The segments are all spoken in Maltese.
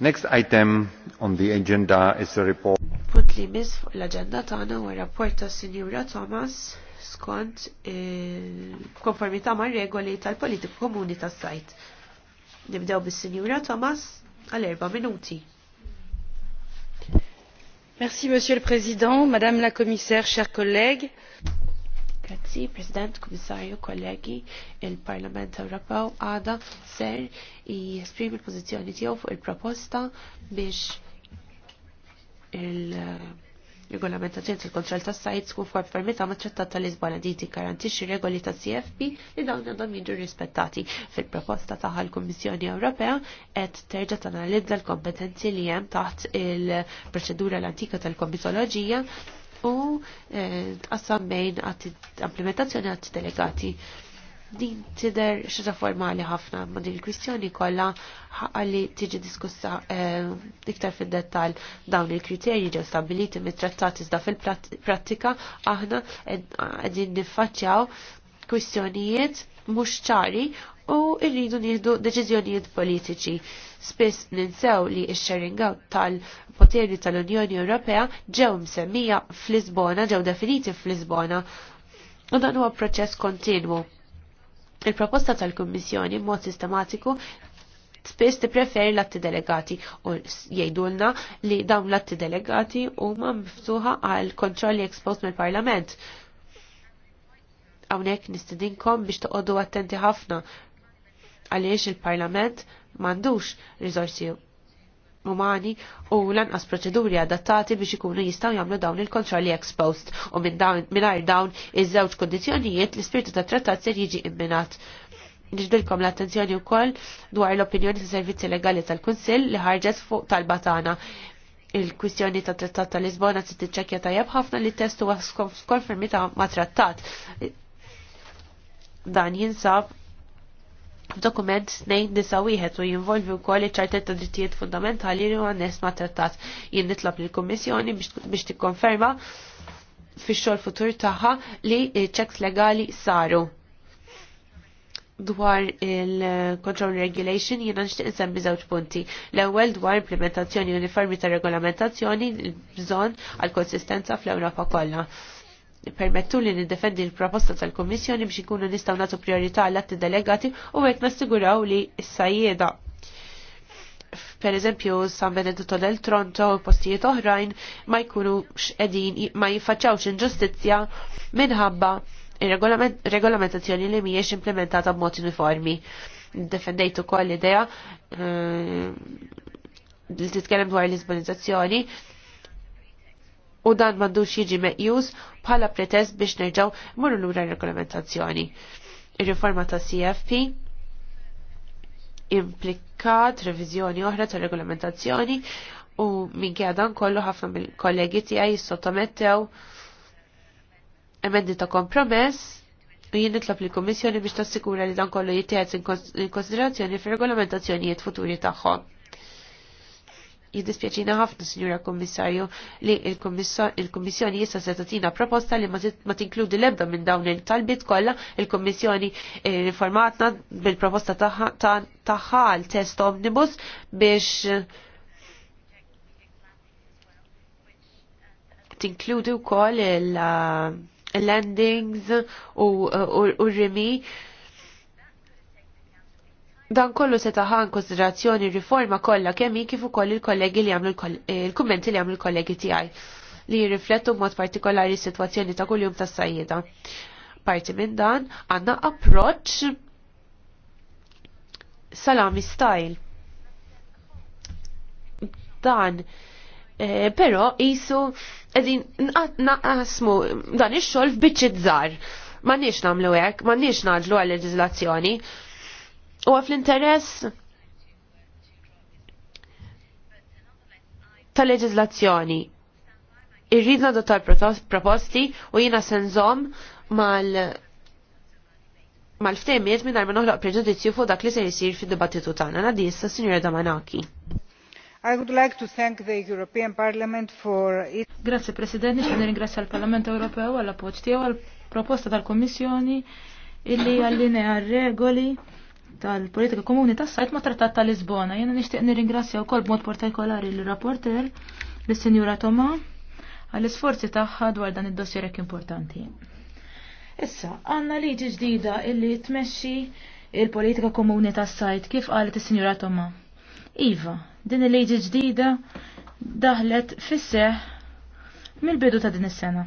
Next item on the agenda is a report. Punt li mis fuq l-agenda tagħna u rapport ta' Sinjura Thomas skont eh, konformità ma' regoli tal-politiku komuni tas-sajt. Nibdew bis-Sinjura Thomas għal erba' minuti. Merci Monsieur le Président, Madame la Commissaire, chers collègues. Grazzi, President, Komissarju, kollegi, il-Parlament Ewropew għada ser jesprimi l-pozizjoni tiegħu fuq il-proposta biex il-regolamentazzjoni tal-kontroll tas sajt tkun f'konformità ma' trattat tal-Lisbona din tikkarantixxi regoli ta' CFP li dawn għandhom jiġu rispettati. Fil-proposta taħal l-Kummissjoni Ewropea qed terġa' tanalizza l-kompetenzi li hemm taħt il-proċedura l-antika tal-komitoloġija u eh, tqassam bejn għat implementazzjoni għat delegati. Din tider xaġa formali ħafna ma din il-kwistjoni kollha għalli tiġi diskussa eh, iktar fid-dettal dawn il-kriterji ġew stabiliti mit-trattat iżda fil-prattika aħna qegħdin niffaċċjaw kwistjonijiet mhux ċari u rridu nieħdu deċiżjonijiet politiċi. Spiss ninsew li x-sharing out tal-poteri tal-Unjoni Ewropea ġew msemmija fl-Lisbona, ġew definiti fl-Lisbona. U dan huwa proċess kontinwu. Il-proposta tal-Kummissjoni mod sistematiku spiss tippreferi l-atti delegati u jgħidulna li dawn l-atti delegati huma miftuħa għal kontrolli ekspost mill-Parlament. Hawnhekk nistidinkom biex toqogħdu attenti ħafna għaliex il-Parlament mandux rizorsi umani u lanqas proċeduri adattati biex ikunu jistaw jagħmlu dawn il-kontrolli ex post u minn mingħajr dawn iż-żewġ kondizzjonijiet l-ispirtu tat trattat ser jiġi imminat. Nġdilkom l-attenzjoni wkoll dwar l-opinjoni ta' servizzi legali tal-Kunsill li ħarġet fuq tal-batana il-kwistjoni ta' trattat ta' Lisbona se tiċċekkja tajjeb ħafna li testu huwa skonfermita ma' trattat. Dan jinsab dokument 291 u jinvolvi wkoll iċ-ċartet ta' drittijiet fundamentali li huwa n-nies ma' trattat. Jien nitlob lill-Kummissjoni biex tikkonferma fix-xogħol futur tagħha li checks legali saru dwar il-Control Regulation jiena nixtieq insemmi żewġ punti. L-ewwel dwar implementazzjoni uniformi ta' regolamentazzjoni bżonn għal konsistenza fl-Ewropa kollha permettu li niddefendi l-proposta tal komissjoni biex ikunu nistaw natu priorità għall-atti delegati u għek nassiguraw li s-sajjeda per eżempju San Benedetto del Tronto u postijiet oħrajn ma jkunu x'edin ma jiffaċċawx inġustizzja minħabba regolamentazzjoni li mhijiex implementata b'mod uniformi. Defendejt ukoll l-idea eh, li titkellem dwar l-isbanizzazzjoni u dan mandux jiġi meqjus bħala pretest biex nerġaw morru lura regolamentazzjoni. Ir-riforma ta' CFP implikat reviżjoni oħra ta' regolamentazzjoni u minkejja dan kollu ħafna mill-kollegi tiegħi sottomettew emendi ta' kompromess u jien nitlob li kummissjoni biex tassikura li dan kollu jittieħed in konsiderazzjoni fir-regolamentazzjonijiet futuri tagħhom jiddispjaċina ħafna, Sinjura Kommissarju, li il-Kommissjoni jissa se tatina proposta li ma tinkludi lebda minn dawn il-talbit kollha, il-Kommissjoni eh, informatna bil-proposta taħħa l test omnibus biex eh, tinkludi wkoll eh, il-landings u r-rimi. Dan kollu se taħan konsiderazzjoni riforma kollha kemm kif ukoll il-kollegi li jagħmlu eh, il-kummenti li jagħmlu l-kollegi tiegħi li jirriflettu mod partikolari s-sitwazzjoni ta' kuljum tas-sajjida. Parti minn dan għandna approċċ salami style. Dan eh, però isu qegħdin naqasmu dan ix xogħol f'biċċi żgħar. Ma nix namlu hekk, ma nix naġlu għal leġiżlazzjoni u għaf l-interess tal-leġizlazzjoni. Irrid nadottar proposti u jina senżom mal mal-ftemiet minn armen uħloq preġudizzju fuq dak li se jisir fid-dibattitu tagħna. Nadi issa Sinjora Damanaki. I would like to thank the European Parliament for it. Grazie President, nixtieq nirringrazzja l-Parlament Ewropew għall appoġġ tiegħu għall proposta tal-Kommissjoni illi għallinea regoli tal-politika komuni tas-sajt ma' trattat tal-Lisbona. Jena nixtieq u wkoll b'mod partikolari l-rapporter, l-Sinjura Toma, għall-isforzi tagħha dwar dan id-dossier ek importanti. Issa, għandna liġi ġdida illi tmexxi il-politika komuni tas-sajt kif qalet is-Sinjura Toma. Iva, din il-liġi ġdida daħlet fisseħ mill-bidu ta' din is-sena.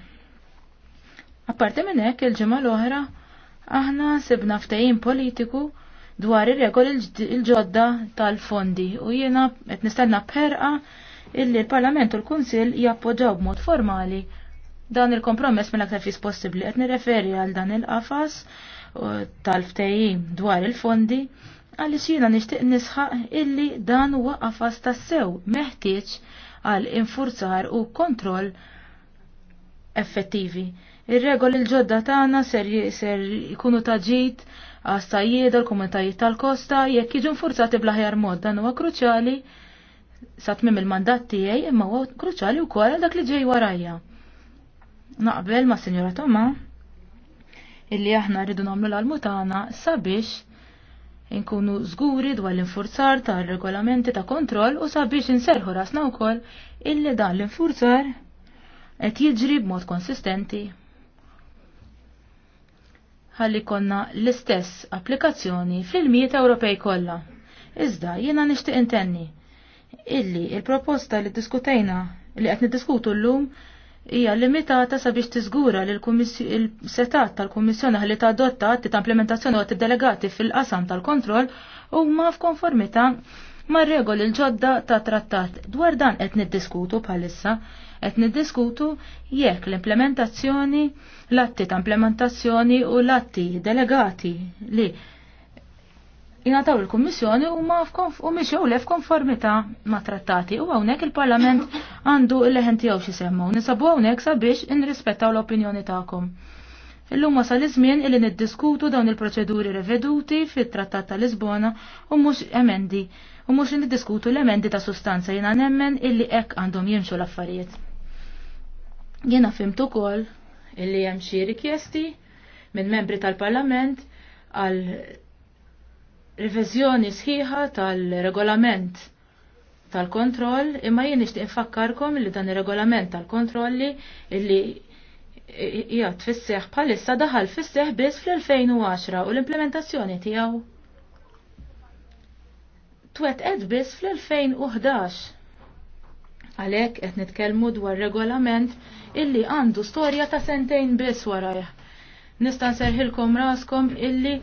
Apparti minn hekk il-ġimgħa l-oħra aħna sibna ftehim politiku dwar ir-regoli l-ġodda tal-fondi u jiena qed nistenna perqa illi l-Parlament u l-Kunsill jappoġġaw b'mod formali dan il-kompromess mill-aktar fis possibbli qed nirreferi għal dan il-qafas tal-ftehim dwar il-fondi għaliex jiena nixtieq nisħaq illi dan huwa qafas tassew meħtieġ għal infurzar u kontroll effettivi. Ir-regoli l-ġodda tagħna ser jkunu taġit għas-sajjieda l-komunitajiet tal-kosta jekk jiġu nfurzati bl-aħjar mod dan huwa kruċjali sa tmim il-mandat tiegħi imma huwa kruċjali wkoll għal dak li ġej warajja. Naqbel ma' Sinjora Toma illi aħna rridu nagħmlu l-almu sabiex inkunu żguri dwar l-infurzar ta' regolamenti ta' kontroll u sabiex inserħu rasna wkoll illi dan l-infurzar qed jiġri b'mod konsistenti ħalli konna l-istess applikazzjoni fil-miet Ewropej kollha. Iżda jiena nixtieq intenni illi il-proposta li diskutejna li qed niddiskutu llum hija limitata sabiex tiżgura li l-setat tal-Kummissjoni ħalli tadotta atti ta' implementazzjoni u delegati fil-qasam tal-kontroll huma f'konformità mar regoli l-ġodda ta' trattat. Dwar dan qed niddiskutu bħalissa qed niddiskutu jekk l-implementazzjoni l-atti ta' implementazzjoni u l-atti delegati li jinataw il-Kommissjoni u ma u miexew le f'konformità ma' trattati u hawnhekk il-Parlament għandu il-leħenti għaw xi semmu nisabu hawnhekk sabiex inrispettaw l-opinjoni tagħkom. Illum sa iż-żmien illi niddiskutu dawn il-proċeduri reveduti fit-Trattat ta' Lisbona u mhux emendi u mhux niddiskutu l-emendi ta' sustanza jiena nemmen illi hekk għandhom jimxu l-affarijiet. Jiena fimtu kol illi hemm xi rikjesti minn membri tal-Parlament għal revizjoni sħiħa tal-regolament tal-kontroll imma jien nixtieq infakkarkom li dan ir-regolament tal-kontrolli illi jgħat fisseħ bħalissa daħal fisseħ biss fl-2010 u l-implementazzjoni tiegħu. Twet ed biss fl-2011. Għalhekk qed nitkellmu dwar regolament illi għandu storja ta' sentejn biss warajh. Nista' nserħilkom raskom illi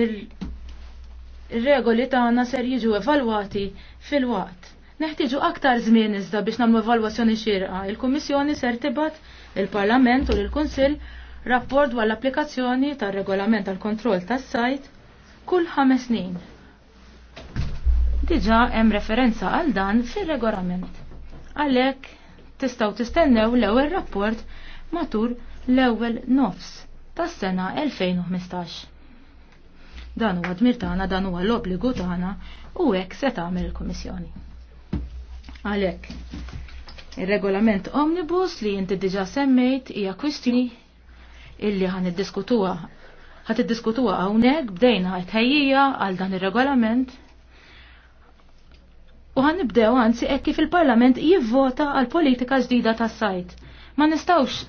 il-regoli tagħna ser jiġu evalwati fil-waqt. Neħtieġu aktar żmien iżda biex nagħmlu evalwazzjoni xierqa. Il-Kummissjoni ser tibgħat il-Parlament u l-Kunsill rapport dwar l-applikazzjoni tar-regolament tal-kontroll tas-sajt kull ħames snin. Diġa hemm referenza għal dan fir-regolament. Għalhekk tistaw tistennew l-ewwel rapport matur l-ewwel nofs tas-sena 2015. Dan huwa dmir tagħna, dan huwa l-obbligu tagħna u hekk se tagħmel il-Kummissjoni. Għalhekk Ir-regolament omnibus li inti diġa semmejt hija kwistjoni illi ħan iddiskutuha. Ħad iddiskutuha hawnhekk bdejna tħejjija għal dan ir-regolament U għan nibdew għansi ekki fil-parlament jivvota għal politika ġdida ta' sajt. Ma nistawx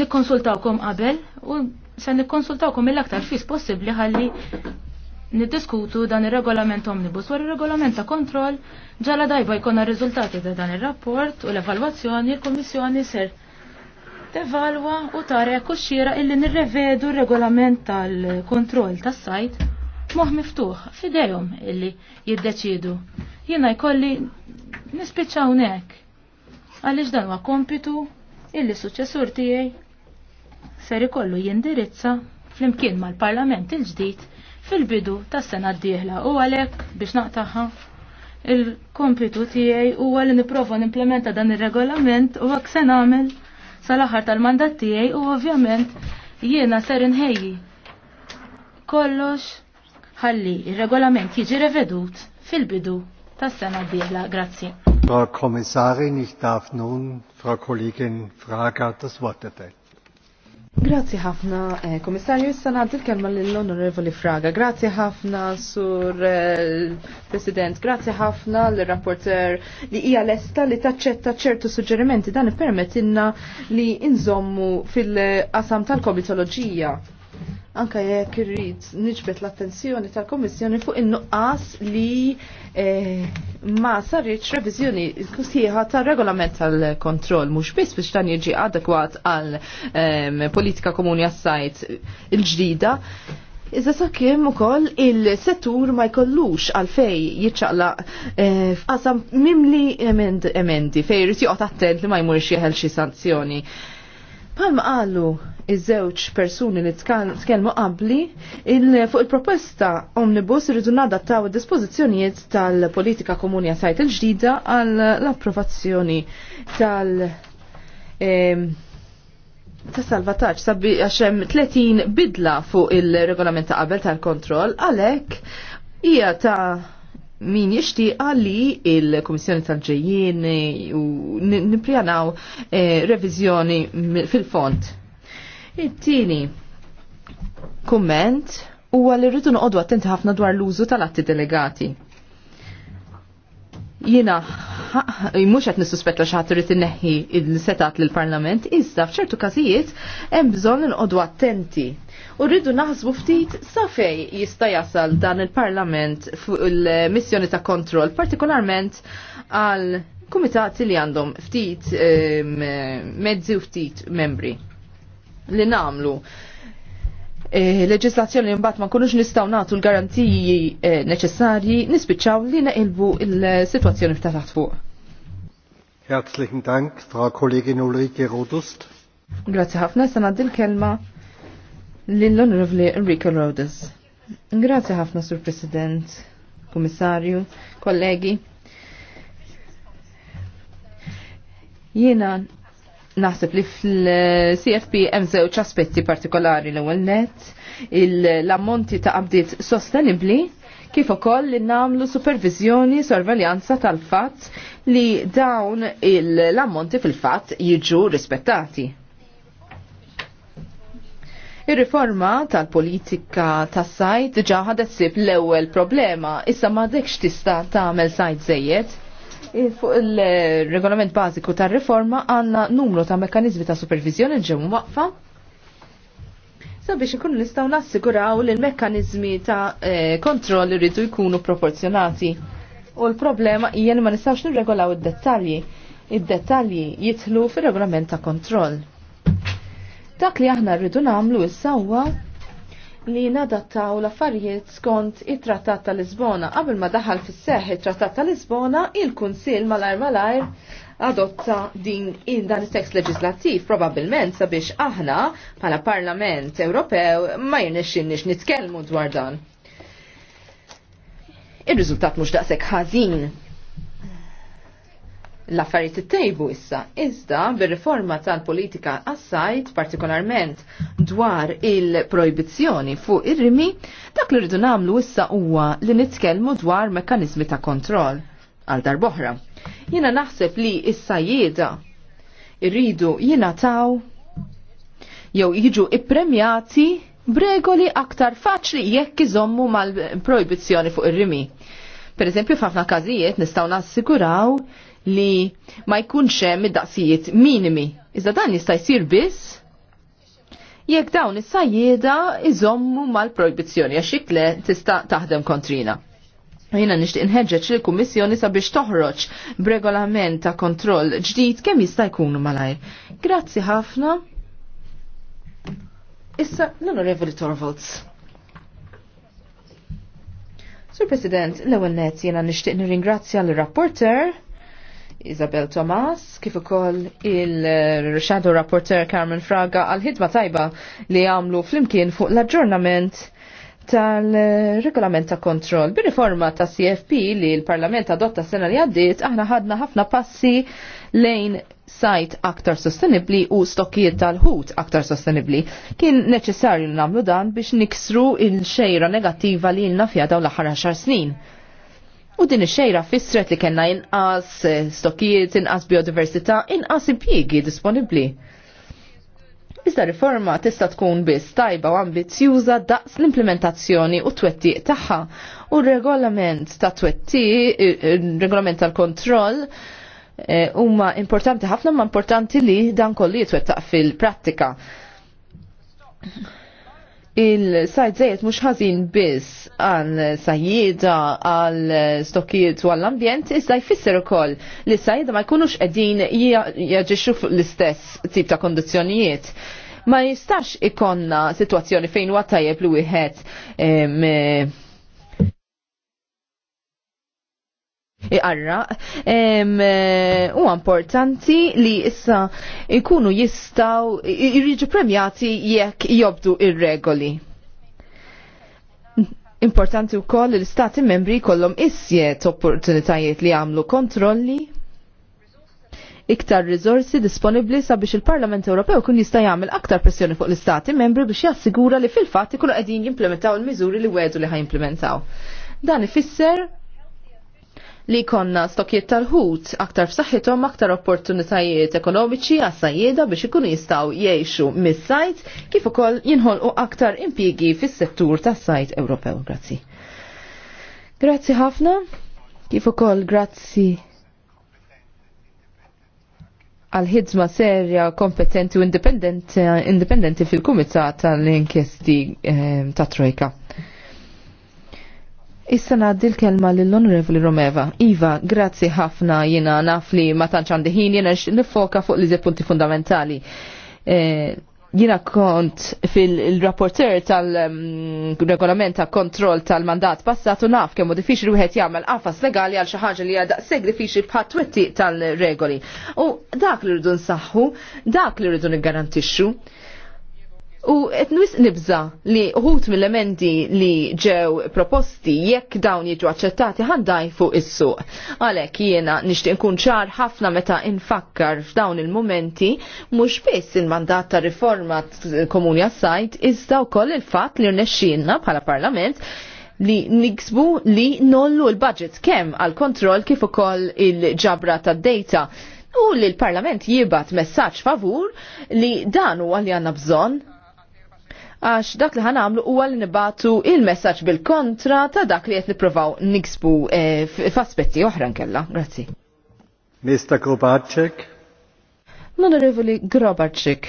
nikkonsultawkom qabel u se nikkonsultawkom mill-aktar fis possibli ħalli niddiskutu dan ir-regolament omnibus war ir-regolament ta' kontroll ġala dajba jkollna r-riżultati ta' dan ir-rapport u l-evalwazzjoni l-Kummissjoni ser tevalwa u tara jekk illi nirrevedu r-regolament tal-kontroll tas-sajt moħ miftuħ fidejhom illi jiddeċidu. Jiena jkolli nispiċaw nek. Għaliex dan huwa kompitu illi suċessur tiegħi ser ikollu jindirizza flimkien mal-Parlament il-ġdid fil-bidu tas-sena d-dieħla u għalek biex naqtaħa il-kompitu tiegħi huwa li nipprova implementa dan ir-regolament u għak sen għamil sal-aħħar tal-mandat tiegħi u ovvjament jiena ser inħejji kollox ħalli il-regolament jiġi revedut fil-bidu tas-sena d-dieħla. Grazzi. Frau Kommissarin, ich darf nun Frau Kollegin Fraga das Wort erteilen. Grazie ħafna, eh, komissarju, s-sana kelma l-onorevoli Fraga. Grazie ħafna, sur eh, president, grazie ħafna l-rapporter li hija lesta li taċċetta ċertu suġġerimenti dan permettinna li inżommu fil-qasam tal-komitoloġija anka jekk irrid niġbet l-attenzjoni tal-Kommissjoni fuq in-nuqqas li eh, ma sarriċ reviżjoni kusieħa tal-regolament tal-kontroll mhux biss biex dan jiġi adekwat għal eh, politika komuni għas-sajt il-ġdida. Iżda sakemm ukoll il-settur ma jkollux għalfej jiċċaqla eh, f'qasam mimli emendi, emendi fej jrid joqgħod attent li ma jmurx jeħel xi sanzjoni. Palma għallu iż-żewġ persuni li tkellmu qabli fuq il-proposta omnibus irridu nadattaw id-dispożizzjonijiet tal-politika komuni għasajt il-ġdida għall approvazzjoni tal- ta' salvataċ sabbi għaxem 30 bidla fuq il-regolament ta' qabel tal-kontroll għalek hija ta' min jishtiqa li il-Komissjoni tal-ġejjien u nipjanaw eh, revizjoni fil-font. It-tieni kumment huwa li rridu noqogħdu attenti ħafna dwar l-użu tal-atti delegati. Jiena mhux qed nissuspetta xi ħadd irid inneħħi setat lill-Parlament, iżda f'ċertu każijiet hemm bżonn inqogħdu attenti. U rridu naħsbu ftit sa fej jista' jasal dan il-Parlament fuq il-missjoni ta' kontrol, partikolarment għal kumitati li għandhom ftit mezzi u ftit membri li namlu Eh, leġislazzjoni mbagħad ma nkunux nistgħu nagħtu l-garantiji eh, neċessarji nispiċċaw li neqilbu l-sitwazzjoni f'taħt fuq. Herzlichen Dank, Frau Kollegin Ulrike Rodust. Grazie ħafna, se naddi l-kelma lill-Onorevoli Enrico Rodas. Grazie ħafna, Sur President, Kummissarju, kollegi. Jiena Naħseb li fil-CFP hemm żewġ aspetti partikolari l-ewwel net, l-ammonti ta' qabdiet sostenibbli kif ukoll li nagħmlu supervizjoni sorveljanza tal-fatt li dawn l-ammonti fil-fatt jiġu rispettati. Ir-riforma tal-politika tas-sajt ġaħadet ħadet sib l-ewwel problema, issa dekx tista' tagħmel sajt żejjed Fuq il-regolament bażiku tar-riforma għandna numru ta' mekkanizmi ta' supervizjoni ġew waqfa sabiex ikunu nistgħu nassiguraw li l-mekkaniżmi ta' eh, kontroll irridu jkunu proporzjonati. U l-problema hija li ma nistgħux nirregolaw id-dettalji. Id-dettalji jitlu fir-regolament ta' kontroll. Dak li aħna rridu nagħmlu issa huwa li nadattaw l-affarijiet skont it-Trattat ta' Lisbona. Qabel ma daħal fis seħħ it-Trattat ta' Lisbona, il-Kunsil malajr malajr adotta din in dan it-tekst leġislattiv probabbilment sabiex aħna bħala Parlament Ewropew ma nix nitkellmu dwar dan. Ir-riżultat mhux daqshekk ħażin l-affarijiet it-tejbu issa. Iżda bir-riforma tal-politika assajt partikolarment dwar il proibizzjoni fuq ir-rimi, dak li rridu nagħmlu issa huwa li nitkellmu dwar mekkaniżmi ta' kontroll għal darboħra. Jiena naħseb li issa jieda irridu jingħataw jew jiġu ippremjati b'regoli aktar faċli jekk iżommu mal proibizzjoni fuq ir-rimi. Per eżempju, f'ħafna każijiet nistgħu nassiguraw li ma jkunx hemm id-daqsijiet minimi. Iżda dan jista' jsir biss jekk dawn is-sajjieda iżommu mal-projbizzjoni għax ikle tista' taħdem kontrina. Jina nishtiq inħeġġeġ li kummissjoni sabiex toħroġ b'regolament ta' kontroll ġdid kemm jista' jkunu malajr. Grazzi ħafna. Issa l-Onorevoli Torvalds. Sur President, l-ewwel nett jiena nixtieq nirringrazzja l-rapporter Isabel Tomas, kif ukoll il-Shadow Rapporteur Carmen Fraga għal-ħidma tajba li għamlu flimkien fuq l-aġġornament tal-regolament ta' kontroll. Bir-riforma ta' CFP li l-Parlament adotta sena li għaddiet, aħna ħadna ħafna passi lejn sajt aktar sostenibli u stokkijiet tal-ħut aktar sostenibli. Kien neċessarju namlu dan biex niksru il-xejra negattiva li l-nafja daw l-ħar snin U din ix-xejra fissret li kellna inqas eh, stokkijiet, inqas biodiversità, inqas impjiegi disponibbli. Iżda riforma tista' tkun biss tajba u ambizzjuża daqs l-implementazzjoni u twettiq tagħha u regolament ta' twetti, eh, eh, regolament tal-kontroll huma importanti ħafna ma importanti li dan kollu jitwettaq fil-prattika il-sajt zejt mux ħazin bis għal sajjida, għal stokkijiet u għall-ambjent, iżda jfisser ukoll li sajjida ma jkunux edin jaġixxu l-istess tip ta' kondizjonijiet. Ma jistax ikonna situazzjoni fejn huwa tajjeb li wieħed eh, iqarra. Eh, u importanti li issa ikunu jistaw irriġu premjati jekk jobdu ir-regoli. Importanti u koll l istati membri kollom issiet opportunitajiet li għamlu kontrolli iktar rizorsi disponibli sabiex il-Parlament Ewropew kun jista' jagħmel aktar pressjoni fuq l-istati membri biex jassigura li fil-fatt ikunu qegħdin jimplementaw il-miżuri li wedu li ħajimplementaw. Dan ifisser li konna stokjiet tal-ħut aktar f'saħħithom aktar opportunitajiet ekonomiċi għas-sajjieda biex ikunu jistgħu jgħixu mis-sajt kif ukoll jinħolqu aktar impjiegi fis-settur tas-sajt Ewropew. Grazzi. Grazzi ħafna. Kif ukoll grazzi għal ħidma serja, kompetenti u indipendenti, indipendenti fil-kumitat tal-inkjesti eh, ta' Trojka. Issa naddi l-kelma l-Onorevoli Romeva. Iva, grazzi ħafna jina naf li ma tantx għandi ħin jina nifoka fuq li punti fundamentali. Eh, jina kont fil-rapporter tal-regolament kontrol kontroll tal-mandat passat u naf diffiċi li wieħed jagħmel qafas legali għal xi ħaġa li hija daqshekk diffiċli bħal tal-regoli. U dak li rridu nsaħħu, dak li rridu niggarantixxu. U etnus nibza li uħut mill emendi li ġew proposti jekk dawn jiġu aċċettati ħaddaj fuq is-suq. Għalhekk jiena nixtieq nkun ċar ħafna meta infakkar f'dawn il-momenti mhux biss il-mandat ta' riforma komuni għas-sajt iżda wkoll il-fatt li rnexxielna bħala Parlament li niksbu li nollu l-budget kemm għal kontroll kif ukoll il-ġabra tad-data u li l-Parlament jibat messaġġ favur li dan huwa li għandna bżonn għax dak li ħanamlu u għal nibatu il-messagġ bil-kontra ta' dak li jett niprofaw niksbu eh, f'aspetti oħra nkella. Grazzi. Mr. Grobacek. L-Onorevoli Grobarczyk.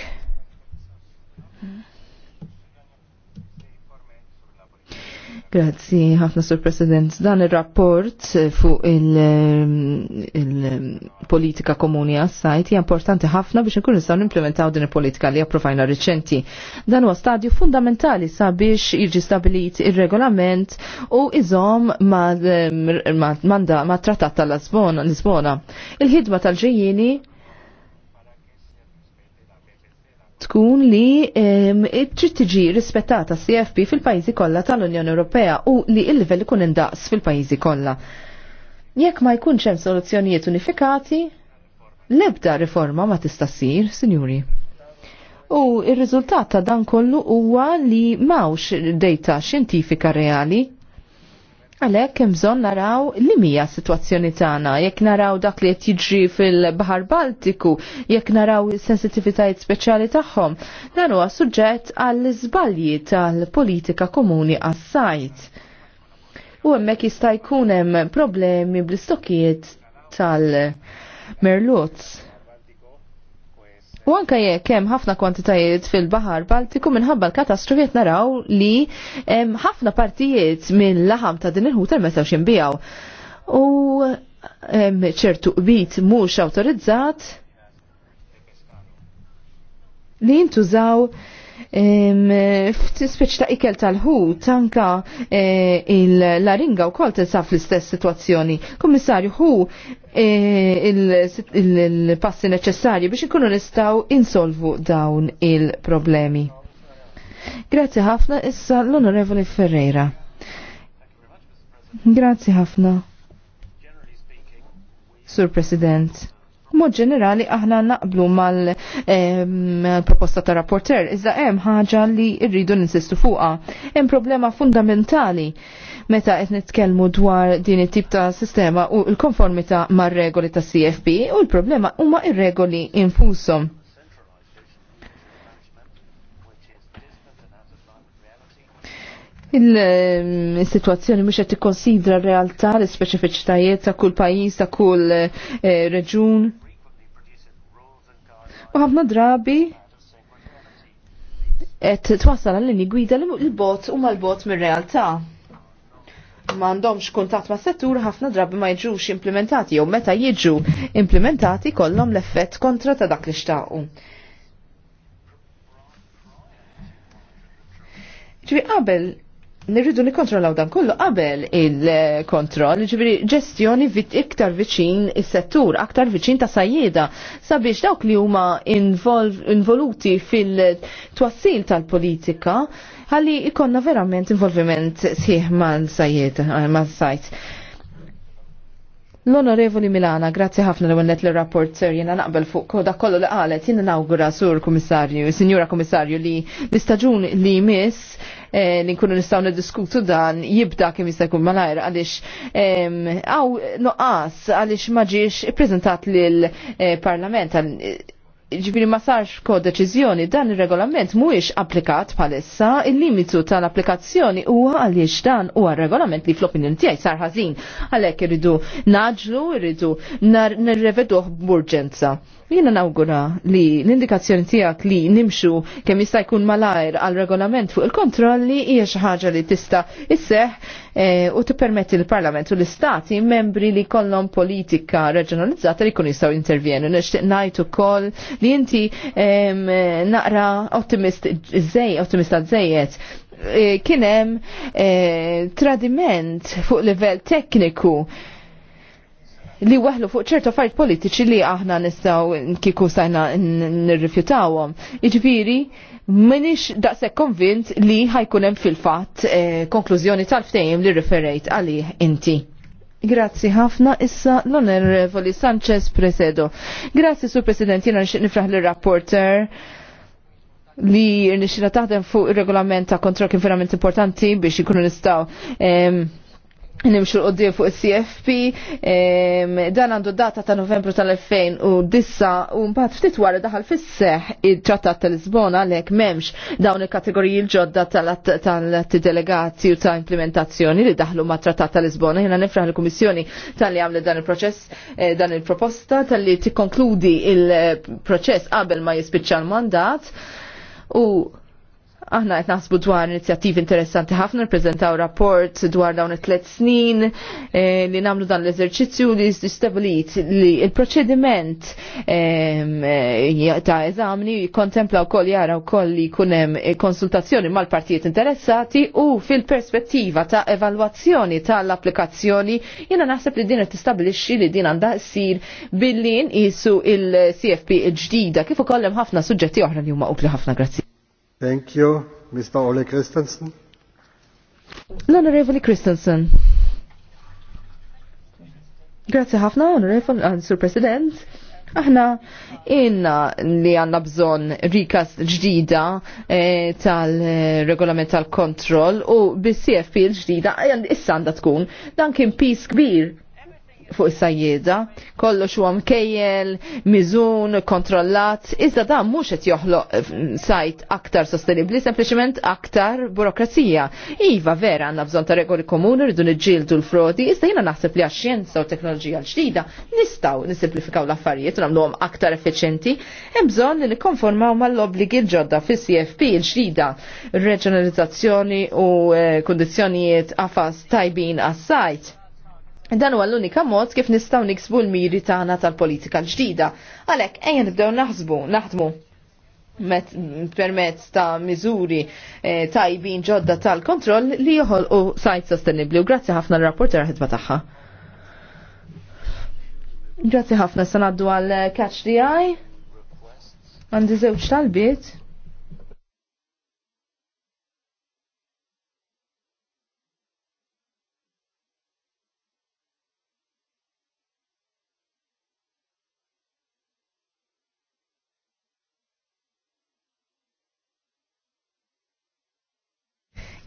Grazzi, ħafna sur President. Dan il-rapport eh, fuq il-politika il ehm, ehm, komuni għas-sajt hija importanti ħafna biex nkun nistgħu nimplementaw din il-politika li approvajna riċenti. Dan huwa stadju fundamentali sabiex jiġi stabilit ir-regolament u iżom ma' ehm, ma', ma, ma, ma trattat tal-Lisbona. Il-ħidma tal-ġejjieni tkun li trid tiġi rispettata CFP fil-pajjiżi kollha tal-Unjoni Ewropea u li l-livell ikun indaqs fil-pajjiżi kollha. Jekk ma jkunx hemm soluzzjonijiet unifikati, l-ebda riforma ma tista' ssir, sinjuri. U r-riżultat ta' dan kollu huwa li mawx data xjentifika reali Għalek hemm bżonn naraw li mija situazzjoni tagħna, jekk naraw dak li qed jiġri fil-Baħar Baltiku, jekk naraw is-sensitivitajiet speċjali tagħhom, dan huwa suġġett għall iżbalji tal-politika komuni għas-sajt. U hemmhekk jista' jkun hemm problemi bl istokiet tal-merluz. U anka jekk hemm ħafna kwantitajiet fil-Baħar Baltiku minħabba l katastrofiet qed naraw li hemm ħafna partijiet mill-laħam ta' din il-ħuter ma sewx jinbijaw. U ċertu qbit mhux awtorizzat li jintużaw F'tispeċ ta' ikel tal ħu tanka eh, il-laringa u kol tinsab fl-istess situazzjoni. Kommissarju, hu eh, il-passi neċessarji biex ikunu nistaw insolvu dawn il-problemi. Grazie ħafna issa l-Onorevoli Ferreira. Grazie ħafna. Sur President mod ġenerali aħna naqblu mal-proposta ta' rapporter, iżda hemm ħaġa li rridu ninsistu fuqha. Hemm problema fundamentali meta qed nitkellmu dwar din it-tip ta' sistema u l-konformità mar-regoli ta' CFP u l-problema huma ir-regoli infushom. Il-situazzjoni mhux qed tikkonsidra r-realtà l-ispeċifiċitajiet ta' kull pajjiż ta' kull eh, reġun u ħafna drabi qed twassal għallini gwida l-bot u mal-bot mir-realtà m'għandhomx kuntatt ma' settur ħafna drabi ma jiġux implementati jew meta jiġu implementati kollhom l-effett kontra ta' dak li xtaqu. Ġi qabel nirridu nikontrollaw dan kollu qabel il-kontroll, ġibri ġestjoni vit iktar viċin is-settur, aktar viċin ta' sajjeda sabiex dawk li huma involuti fil-twassil tal-politika għalli ikonna verament involviment sħiħ mal-sajjeda, eh, mal-sajt. L-Onorevoli Milana, grazzi ħafna l-għennet l-rapport sir jena naqbel fuq koda kollu li għalet jena nawgura sur komissarju, signora komissarju li l-istagġun li miss Eh, li nkunu nistgħu niddiskutu dan jibda kemm jista' jkun malajr għaliex hawn noqas għaliex ma ġiex ippreżentat lill-Parlament eh, ġbiri ma sarx ko deċizjoni dan il-regolament mhuwiex applikat bħalissa il-limitu tal-applikazzjoni huwa għaliex dan huwa regolament li fl-opinjoni tiegħi sar ħażin għalhekk irridu naġlu irridu nirreveduh b'urġenza. Jiena nawgura li l-indikazzjoni tiegħek li nimxu kemm jista' jkun malajr għal regolament fuq il-kontrolli hija xi ħaġa li tista' isseħ e, u tippermetti l-Parlament u l-Istati membri li kollhom politika reġjonalizzata li jkunu jistgħu intervjenu. Nixtieq ngħid ukoll li inti naqra ottimist zej, ottimista zejet e, kienem e, tradiment fuq livell tekniku li waħlu fuq ċertu affarijiet politiċi li aħna nistgħu kieku sajna nirrifjutawhom. Jiġifieri minix daqshekk konvint li ħajkun hemm fil-fatt e, konklużjoni tal-ftehim li riferejt għalih inti. Grazzi ħafna issa l-onorevoli Sanchez Presedo. Grazzi Sur President, jena nixtieq nifraħ l-rapporter li nixtieq taħdem fuq ir-regolament ta' kontrol kien verament importanti biex ikunu nistgħu nimxu l-qoddim fuq il-CFP, dan għandu data ta' novembru tal-2009 u mbagħad ftit wara daħal fis-seħ il-Trattat tal-Lisbona għalhekk m'hemmx dawn il-kategoriji l-ġodda tal-delegati u ta' implementazzjoni li daħlu ma' Trattat tal-Lisbona. Jiena nifraħ il-Kummissjoni tal-li għamlet dan il-proċess eh, dan il-proposta tal-li tikkonkludi il-proċess qabel ma jispiċċa l-mandat u Aħna qed naħsbu dwar inizjattivi interessanti ħafna nippreżentaw rapport dwar dawn it-tliet snin eh, li nagħmlu dan l-eżerċizzju li stabilit li l proċediment ehm, eh, ta' eżamni jikkontempla wkoll jara wkoll li jkun hemm eh, konsultazzjoni mal-partijiet interessati u fil-perspettiva ta' evalwazzjoni tal-applikazzjoni jiena naħseb li din qed tistabbilixxi li din għandha ssir billi nqisu il-CFP il-ġdida kif ukoll hemm ħafna suġġetti oħra li huma utli ħafna grazzi. Thank you, Mr. Ole Christensen. l Christensen. Grazie ħafna, Onorevoli, eh, Sur President. Aħna inna li għanna bżon rikas ġdida eh, tal-regolament tal-kontroll u bis-CFP l-ġdida eh, issa għanda tkun dan kien pis kbir fuq is-sajjieda, kollox huwa mkejjel, miżun, kontrollat, iżda dan mhux qed joħloq eh, sajt aktar sostenibbli, sempliċement aktar burokrazija. Iva vera għandna bżonn ta' regoli komuni rridu niġġieldu l-frodi, iżda jiena naħseb li għax-xjenza u teknoloġija l-ġdida nistgħu nisimplifikaw l-affarijiet u nagħmluhom aktar effiċenti, hemm bżonn li nikkonformaw mal-obbligi l-ġodda fis-CFP l-ġdida, reġjonalizzazzjoni u eh, kundizzjonijiet afas tajbin għas-sajt Dan huwa l-unika mod kif nistgħu niksbu l-miri tagħna tal-politika l-ġdida. Għalhekk ejja nibdew naħsbu, naħdmu permezz ta' miżuri eh, tajbin ġodda tal-kontroll li joħolqu sajt sostenibli u grazzi ħafna l-rapporter ħidba tagħha. Grazzi ħafna sanaddu għal catch the eye. Għandi żewġ talbiet.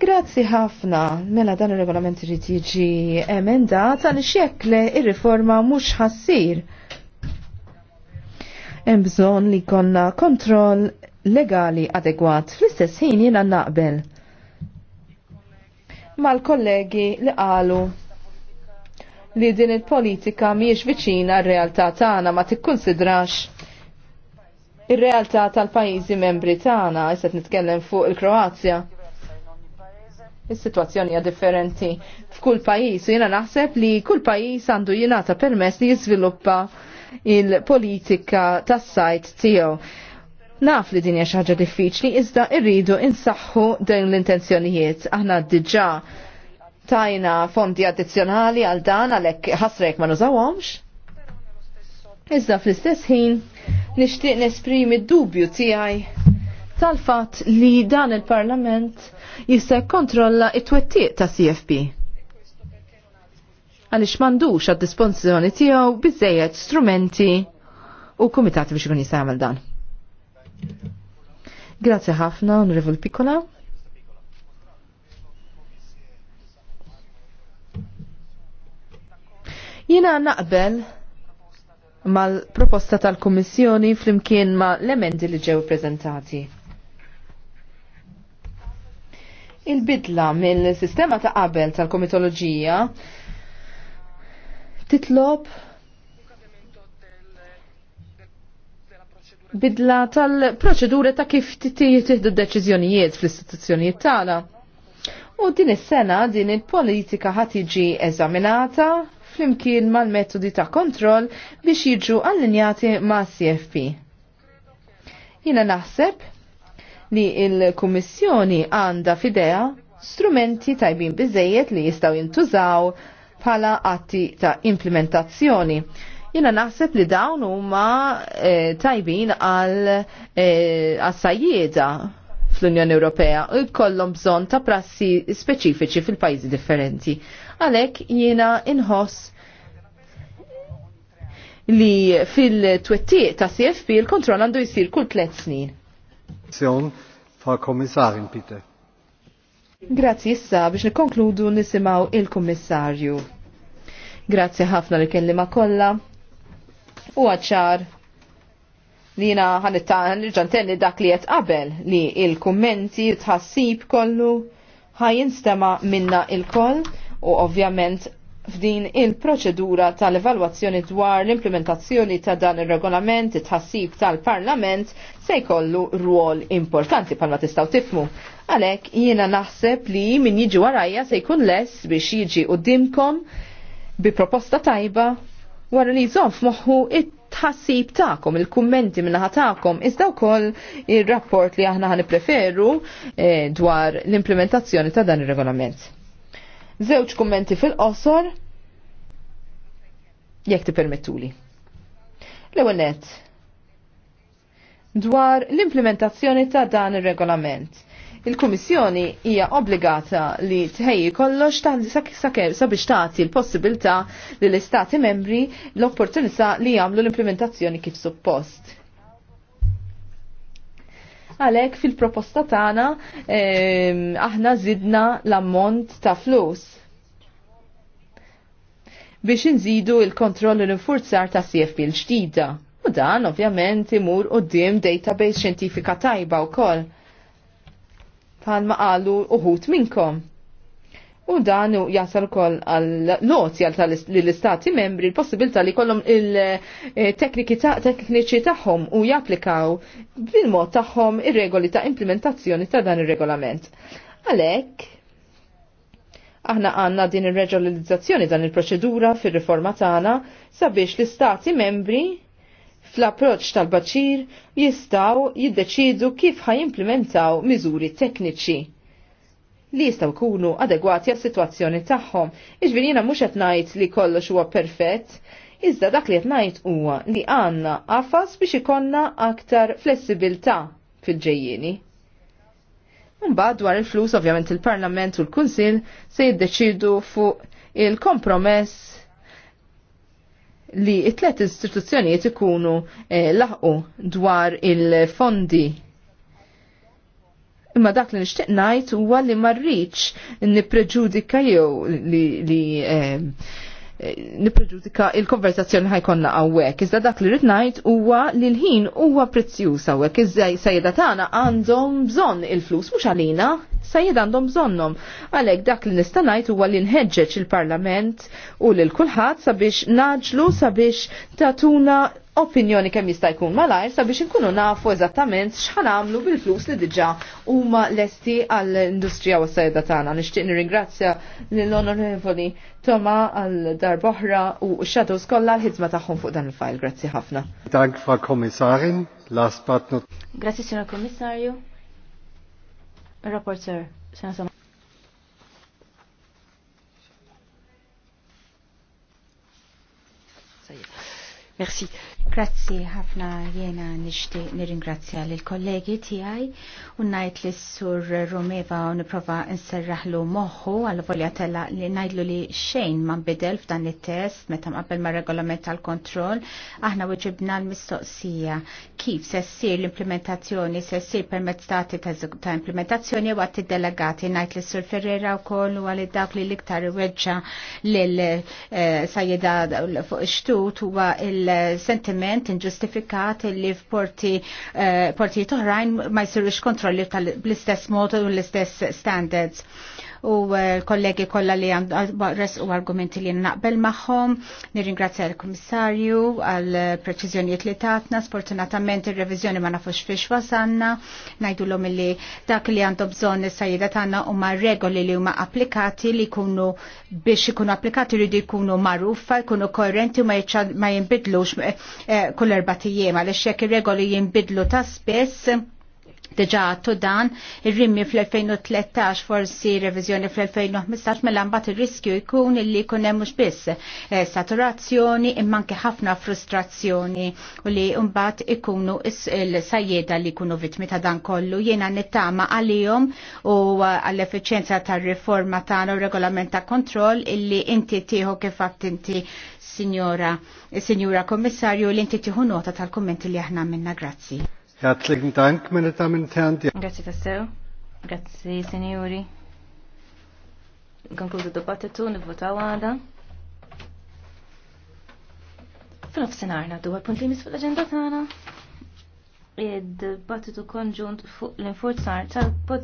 Grazzi ħafna, mela dan il-regolament irid jiġi emendat għal xekle ir-riforma mhux ħassir. Hemm bżonn li konna kontroll legali adegwat fl-istess ħin jiena naqbel mal-kollegi li qalu li din il-politika miex viċina r-realtà tagħna ma tikkunsidrax ir-realtà tal-pajjiżi membri tagħna, issa nitkellem fuq il-Kroazja. Is-sitwazzjoni hija differenti f'kull pajjiż u jiena naħseb li kull pajjiż għandu jingħata permess li jiżviluppa il-politika tas-sajt tiegħu. Naf li din hija xi ħaġa diffiċli iżda rridu insaħħu dawn l-intenzjonijiet. Aħna diġà tajna fondi addizzjonali għal dan għalhekk ħasrek ma nużawhomx. Iżda fl-istess ħin nixtieq nesprimi d-dubju tiegħi tal-fatt li dan il-Parlament jista' kontrolla it-twettiq ta' CFP. Għaliex m'għandux għad dispożizzjoni tiegħu bizzejet strumenti u kumitati biex ikun jista' dan. Grazie ħafna, Onorevol Piccola. Jina naqbel mal-proposta tal-Kommissjoni flimkien ma l-emendi li ġew prezentati. il-bidla mill-sistema ta' qabel tal-komitoloġija titlob bidla tal-proċedura ta' kif titieħdu d-deċiżjonijiet fl-istituzzjonijiet tagħna. U din is-sena din il-politika ħad tiġi eżaminata flimkien mal-metodi ta' kontroll biex jiġu allinjati ma' CFP. Jina naħseb li il-Kummissjoni għanda fidea strumenti tajbin biżejjed li jistaw jintużaw bħala atti ta' implementazzjoni. Jena naħseb li dawn huma e, tajbin għal e, fl-Unjoni Ewropea u jkollhom bżonn ta' prassi speċifiċi fil-pajjiżi differenti. Għalhekk jiena inħoss li fil-twettiq ta' CFP il-kontroll għandu jisir kull tliet snin. Frau Kommissarin, bitte. Grazzi issa biex nikkonkludu nisimaw il-Kummissarju. Grazzi ħafna li ma' kollha. U għadċar li jina ħanittan dak li qed qabel li il-kummenti tħassib kollu ħajinstema minna il-koll u ovvjament f'din il-proċedura tal-evalwazzjoni dwar l-implementazzjoni ta' dan il-regolament tħassib tal-Parlament se jkollu rwol importanti palma tistaw tifmu. Għalek jiena naħseb li min jiġi warajja se jkun less biex jiġi dimkom bi proposta tajba wara li jżomm moħu it-tħassib ta'kom, il-kummenti minnaħa ta'kom, iżda wkoll il rapport li aħna ħani preferu eh, dwar l-implementazzjoni ta' dan ir regolament Żewġ kummenti fil-qosor jekk ti L-ewwel nett dwar l-implementazzjoni ta' dan ir-regolament. Il-Kummissjoni hija obbligata li tħejji kollox tandi sabiex tagħti l-possibilità li l-Istati membri l-opportunità li jagħmlu l-implementazzjoni kif suppost Għalhekk fil-proposta tagħna eh, aħna żidna l-ammont ta' flus biex inżidu il-kontroll l-infurzar ta' CFP l-ġdida. U dan ovvjament imur dim database xjentifika tajba wkoll. Palma qalu uħut minnkom u dan jasal kol għal-lotja tal-istati membri l-possibilta li kollom il-tekniċi taħħom u japplikaw bil-mod taħħom ir-regoli ta' implementazzjoni ta' dan ir-regolament. Għalek, aħna għanna din ir-reġolizzazzjoni dan il-proċedura fir-riforma tagħna sabiex l-istati membri fl-approċ tal-baċir jistaw jiddeċidu kif ħajimplementaw miżuri tekniċi li jistaw kunu adegwati għas situazzjoni tagħhom. Iġvin jiena mhux qed ngħid li kollox huwa perfett, iżda dak li qed ngħid huwa li għandna qafas biex ikonna aktar flessibilità fil-ġejjieni. Mbagħad dwar il-flus ovvjament il-Parlament u l-Kunsill se jiddeċidu fuq il-kompromess li it-tlet istituzzjonijiet ikunu eh, laħqu dwar il-fondi imma dak li nixtieq ngħid huwa li ma rridx nippreġudika jew li, li eh, nipreġudika il-konversazzjoni ħajkonna għawek. Iżda dak li rrid ngħid huwa li l-ħin huwa prezzjuż għawek. Iżda sajda tagħna għandhom bżonn il-flus mhux għalina, sa għandhom bżonnom. Għalek dak li nistanajt huwa li nħedġeġ il-Parlament u lil kulħadd sabiex naġlu sabiex tatuna opinjoni kemm jista' jkun malajr sabiex inkunu nafu eżattament x'ħan għamlu bil-flus li diġà huma lesti għall-industrija u s-sajda tagħna. Nixtieq nirringrazzja lill-Onorevoli Toma għal darboħra u x-xadows kollha l-ħidma tagħhom fuq dan il-fajl. Grazzi ħafna. Dank fa' Kommissarin, last but not. Grazzi Kommissarju. Rapport, sir. Sena sama. Merci. Grazzi ħafna jena nishti nirringrazzja l kollegi tijaj u najt li sur Romeva u niprofa nserraħlu moħu għal voljatella li najdlu li xejn ma bidel f'dan il-test meta mqabbel ma regolament tal kontroll aħna weġibna l-mistoqsija kif se ssir l-implementazzjoni se ssir permezz tagħti ta' implementazzjoni u għatti delegati najt li sur Ferrera u koll u għal dawk li liktar weġġa l-sajjeda eh, fuq ixtut u il-sentiment totalment inġustifikat li f'porti eh, porti toħrajn ma jsirux kontrolli tal-istess modu u l-istess standards u eh, l-kollegi kollha li resqu argumenti li naqbel magħhom. Nirringrazzja l-Kummissarju għal preċiżjonijiet li tatna, sfortunatament ir revizjoni ma nafux fiex wasanna, ngħidulhom li dak li għandhom bżonn is-sajjida tagħna ma regoli li huma applikati li jkunu biex ikunu applikati jridu jkunu magħrufa, jkunu korrenti u ma jinbidlux eh, eh, kull erbatijiem għaliex jekk ir-regoli jinbidlu ta' spess Deġa għattu dan, il-rimmi fl-2013 forsi revizjoni fl-2015 mela mbagħad ir-riskju jkun illi jkun hemm mhux biss eh, saturazzjoni imma anke ħafna frustrazzjoni u li mbagħad ikunu il sajjeda li jkunu vittmi ta' dan kollu. Jiena nittama għalihom u għall-effiċjenza tar-riforma tagħna u regolament ta' kontroll illi inti tieħu kif inti Signora, Signora Kommissarju, li inti tieħu nota tal-kummenti li aħna minna. Grazzi. Herzlichen Dank, meine Damen und Herren. Grazie tassew. Grazie, signori. Konkludu dibattitu, nivvotaw għada. Fil-nofsenar naddu għal mis fil-agenda tagħna. Id-dibattitu konġunt fuq l-infurzar tal-pod